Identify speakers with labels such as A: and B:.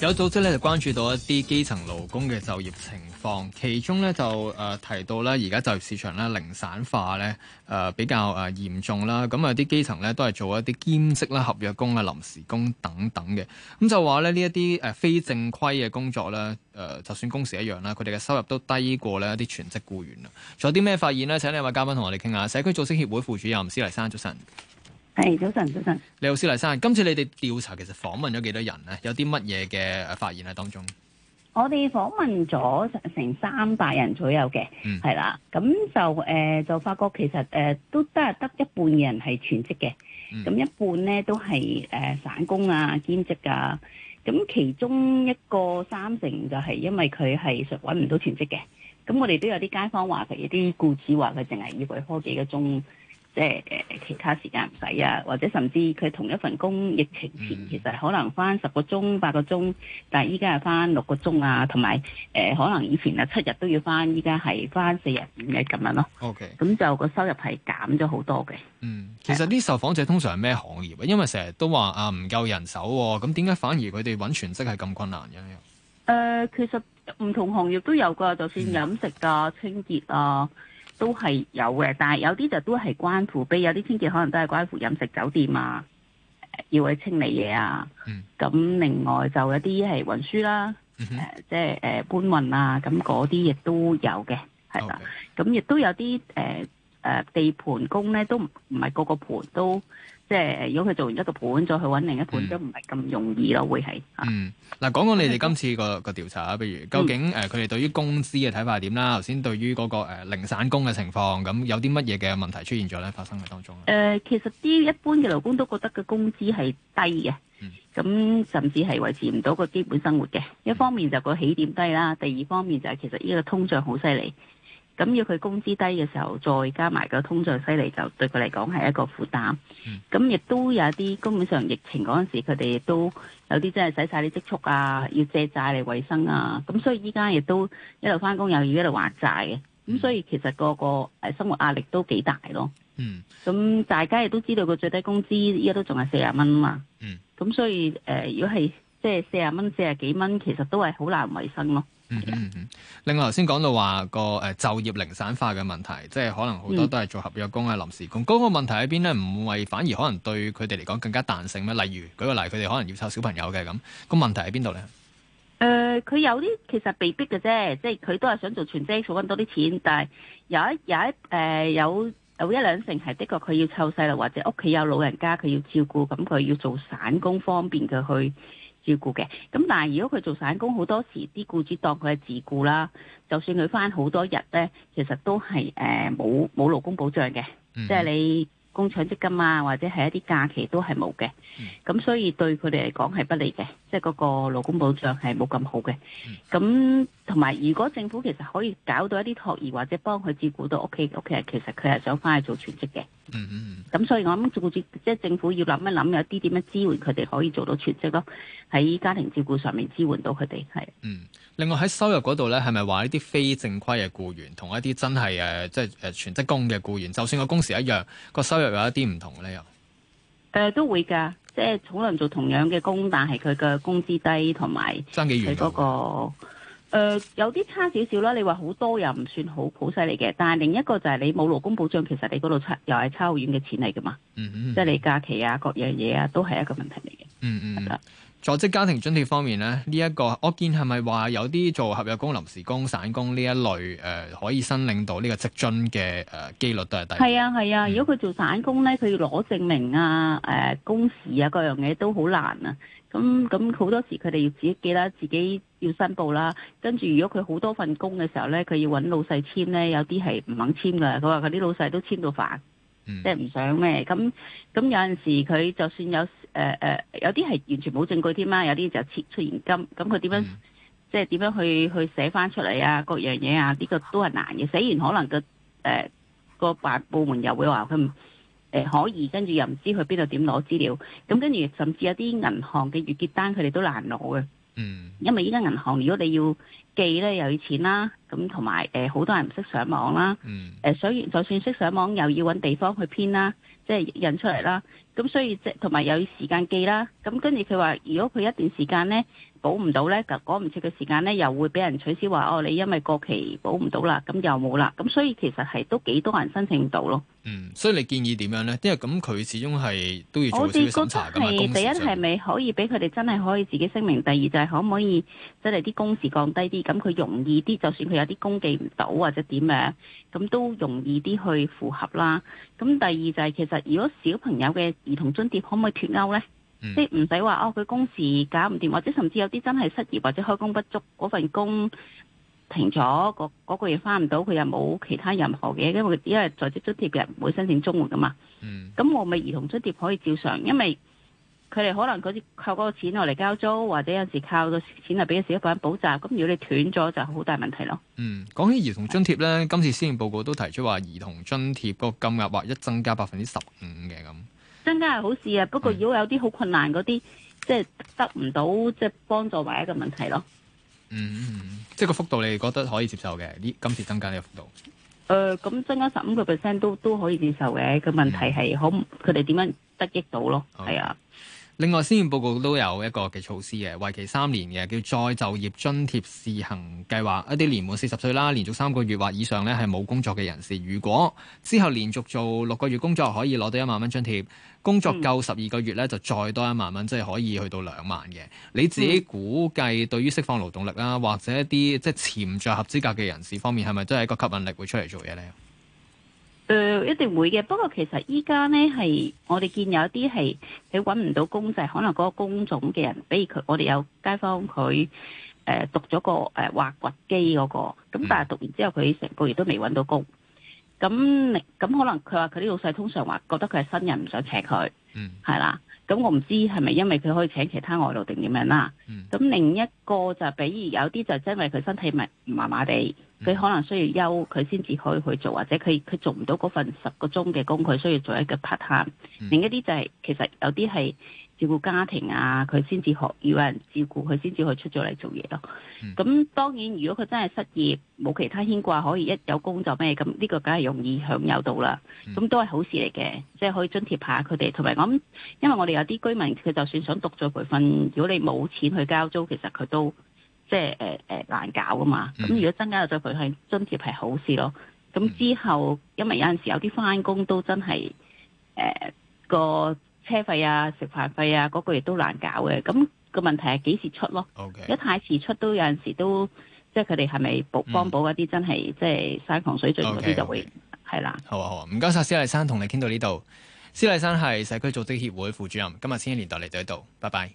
A: 有組織咧就關注到一啲基層勞工嘅就業情況，其中咧就誒、呃、提到咧而家就業市場咧零散化咧誒、呃、比較誒、呃、嚴重啦，咁有啲基層咧都係做一啲兼職啦、合約工啊、臨時工等等嘅，咁就話咧呢一啲、呃、非正規嘅工作咧、呃、就算工時一樣啦，佢哋嘅收入都低過咧一啲全職雇員啊。仲有啲咩發現呢？請兩位嘉賓同我哋傾下。社區組織協會副主任施麗珊早晨。
B: 係，早晨，早晨。
A: 你好，施麗珊，今次你哋調查其實訪問咗幾多人咧？有啲乜嘢嘅發現喺當中？
B: 我哋訪問咗成三百人左右嘅，係、嗯、啦。咁就誒、呃，就發覺其實誒、呃，都得係得一半人係全職嘅，咁、嗯、一半咧都係誒散工啊、兼職啊。咁其中一個三成就係因為佢係搵唔到全職嘅。咁我哋都有啲街坊話如啲僱主話佢淨係要佢開幾個鐘。即係誒，其他時間唔使啊，或者甚至佢同一份工，疫情前其實可能翻十個鐘、八個鐘，但係依家係翻六個鐘啊，同埋誒，可能以前啊七日都要翻，依家係翻四日五日咁樣咯。OK，咁就個收入係減咗好多嘅。嗯，
A: 其實啲受訪者通常係咩行業？因為成日都話啊，唔夠人手、啊，咁點解反而佢哋揾全職係咁困難嘅？誒、
B: 呃，其實唔同行業都有噶，就算飲食啊、嗯、清潔啊。都係有嘅，但係有啲就都係關乎俾，有啲清潔可能都係關乎飲食酒店啊，要去清理嘢啊。咁、嗯、另外就有啲係運輸啦、啊，即、嗯、係、呃即係呃、搬運啊，咁嗰啲亦都有嘅，係啦。咁、okay. 亦都有啲誒，地盤工咧都唔唔係個個盤都，即係如果佢做完一個盤，再去揾另一盤都唔係咁容易咯，會係。嗯，
A: 嗱、嗯，講講你哋今次個個調查啊，比如、嗯、究竟誒佢哋對於工資嘅睇法係點啦？頭、嗯、先對於嗰、嗰個、呃、零散工嘅情況，咁有啲乜嘢嘅問題出現咗咧？發生嘅當中。
B: 誒，其實啲一般嘅勞工都覺得個工資係低嘅，咁、嗯、甚至係維持唔到個基本生活嘅、嗯。一方面就係個起點低啦，第二方面就係其實呢個通脹好犀利。咁要佢工資低嘅時候，再加埋個通脹犀利，就對佢嚟講係一個負擔。咁、嗯、亦都有啲根本上疫情嗰陣時，佢哋都有啲真係使晒啲積蓄啊，要借債嚟維生啊。咁所以依家亦都一路返工又要一路還債嘅、啊。咁、嗯、所以其實個個生活壓力都幾大咯。嗯。咁大家亦都知道個最低工資依家都仲係四十蚊嘛。嗯。咁所以誒、呃，如果係即係四十蚊、四十幾蚊，元其實都係好難維生咯。
A: 嗯嗯嗯，另外頭先講到話個誒就業零散化嘅問題，即係可能好多都係做合約工啊、臨、嗯、時工。嗰、那個問題喺邊咧？唔係反而可能對佢哋嚟講更加彈性咩？例如舉個例，佢哋可能要湊小朋友嘅咁，嗰個問題喺邊度咧？
B: 誒、呃，佢有啲其實被逼嘅啫，即係佢都係想做全職，想揾多啲錢。但係有一有一誒、呃、有有一兩成係的確佢要湊細路，或者屋企有老人家佢要照顧，咁佢要做散工方便嘅去。照顧嘅，咁但係如果佢做散工，好多時啲僱主當佢係自僱啦，就算佢翻好多日咧，其實都係誒冇冇勞工保障嘅、嗯，即係你工廠積金啊，或者係一啲假期都係冇嘅，咁、嗯、所以對佢哋嚟講係不利嘅，即係嗰個勞工保障係冇咁好嘅，咁同埋如果政府其實可以搞到一啲托兒或者幫佢照顧到屋企屋企人，其實佢係想翻去做全職嘅。嗯嗯，咁、嗯、所以我諗做住即係政府要諗一諗有啲點樣支援佢哋可以做到全職咯，喺家庭照顧上面支援到佢哋係。嗯，
A: 另外喺收入嗰度咧，係咪話呢啲非正規嘅僱員同一啲真係誒即係誒全職工嘅僱員，就算個工時一樣，個收入有一啲唔同咧又？
B: 誒、呃、都會噶即係可能做同樣嘅工，但係佢嘅工資低同埋佢嗰個。誒、呃，有啲差少少啦。你話好多又唔算好，好犀利嘅。但係另一個就係你冇勞工保障，其實你嗰度差又係差好遠嘅錢嚟㗎嘛。嗯嗯，
A: 即係你假期啊，各樣嘢啊，都係一個問題嚟嘅。嗯嗯，嗯。係啦。在職家庭津貼方面咧，呢一個我見係咪話有啲做合約工、臨時工、散工呢一類誒，可以申領到呢個職津嘅誒幾率都係低。係
B: 啊係啊，如果佢做散工咧，佢要攞證明啊、誒工時啊各樣嘢都好難啊。咁咁好多時佢哋要自己記得自己要申報啦。跟住如果佢好多份工嘅時候咧，佢要揾老細簽咧，有啲係唔肯簽噶。佢話佢啲老細都簽到煩，即係唔想咩。咁咁有陣時佢就算有。誒、呃、誒，有啲係完全冇證據添啦，有啲就撤出現金，咁佢點樣、嗯、即係點樣去去寫翻出嚟啊？各樣嘢啊，呢、這個都係難嘅。寫完可能、呃、個誒個辦部門又會話佢唔誒可以，跟住又唔知去邊度點攞資料，咁跟住甚至有啲銀行嘅月結單，佢哋都難攞嘅。嗯，因為依家銀行如果你要。寄咧又要錢啦，咁同埋誒好多人唔識上網啦，誒、嗯、所以就算識上網又要揾地方去編啦，即係印出嚟啦。咁所以即同埋又要時間寄啦。咁跟住佢話，如果佢一段時間咧補唔到咧，就趕唔切嘅時間咧，又會俾人取消話哦，你因為過期補唔到啦，咁又冇啦。咁所以其實係都幾多人申請唔到咯。嗯，
A: 所以你建議點樣咧？因為咁佢始終係都要做好多檢查嘅嘛，工時。我哋嗰第一係
B: 咪可以俾佢哋真係可以自己聲明？第二就係可唔可以即係啲工時降低啲？咁佢容易啲，就算佢有啲工寄唔到或者點樣，咁都容易啲去符合啦。咁第二就係、是、其實如果小朋友嘅兒童津貼可唔可以脱鈎呢、嗯？即係唔使話哦，佢工時搞唔掂，或者甚至有啲真係失業或者開工不足嗰份工停咗，嗰、那、嗰、個、月翻唔到，佢又冇其他任何嘅，因為因為在職津貼嘅人唔會申請綜援嘛。咁、嗯、我咪兒童津貼可以照常，因為。佢哋可能嗰啲靠嗰個錢嚟交租，或者有陣時靠個錢嚟俾自己補習，咁如果你斷咗，就、嗯、好大、嗯、問題咯。嗯，
A: 講起兒童津貼咧，今次施政報告都提出話兒童津貼個金額或一增加百分之十五嘅，
B: 咁，增加係好事啊。不過如果有啲好困難嗰啲，即係得唔到即係幫助，唯一個問題咯。嗯，
A: 即係個幅度你哋覺得可以接受嘅，呢今次增加呢個幅度？
B: 誒、呃，咁增加十五個 percent 都都可以接受嘅。個問題係、嗯、好，佢哋點樣得益到咯。係
A: 啊。另外，施政報告都有一個嘅措施嘅，為期三年嘅叫再就業津貼試行計劃，一啲年滿四十歲啦，連續三個月或以上咧係冇工作嘅人士，如果之後連續做六個月工作，可以攞到一萬蚊津貼；工作夠十二個月咧，就再多一萬蚊，即係可以去到兩萬嘅。你自己估計，對於釋放勞動力啦，或者一啲即係潛在合資格嘅人士方面，係咪都係一個吸引力會出嚟做嘢呢？
B: 誒、呃、一定會嘅，不過其實依家咧係我哋見有啲係佢揾唔到工就係可能嗰個工種嘅人，比如佢我哋有街坊佢誒、呃、讀咗個誒挖掘機嗰個，咁、呃那個、但係讀完之後佢成個月都未揾到工，咁咁可能佢話佢啲老細通常話覺得佢係新人唔想請佢，嗯，係啦，咁我唔知係咪因為佢可以請其他外勞定點樣啦，嗯，咁另一個就比如有啲就真係佢身體咪麻麻地。佢可能需要休，佢先至可以去做，或者佢佢做唔到嗰份十個鐘嘅工，佢需要做一個 part time。嗯、另一啲就係、是、其實有啲係照顧家庭啊，佢先至學要、有、人照顧，佢先至去出咗嚟做嘢咯。咁、嗯、當然，如果佢真係失業，冇其他牽掛，可以一有工作就咩咁，呢個梗係容易享有到啦。咁都係好事嚟嘅，即、就、係、是、可以津貼下佢哋。同埋我諗，因為我哋有啲居民，佢就算想讀再培訓，如果你冇錢去交租，其實佢都。即係誒誒難搞噶嘛，咁如果增加咗佢，培、嗯、訓津貼係好事咯。咁之後、嗯，因為有陣時有啲翻工都真係誒個車費啊、食飯費啊嗰，嗰個亦都難搞嘅。咁、那個問題係幾時出咯、okay. 如果太遲出都有陣時都，即係佢哋係咪補幫補嗰啲真係即係山窮水盡嗰啲就會係
A: 啦，okay, okay。好啊好，啊，唔該晒。施麗珊同你傾到呢度。施麗珊係社區組織協會副主任，今日先一年代嚟到呢度，拜拜。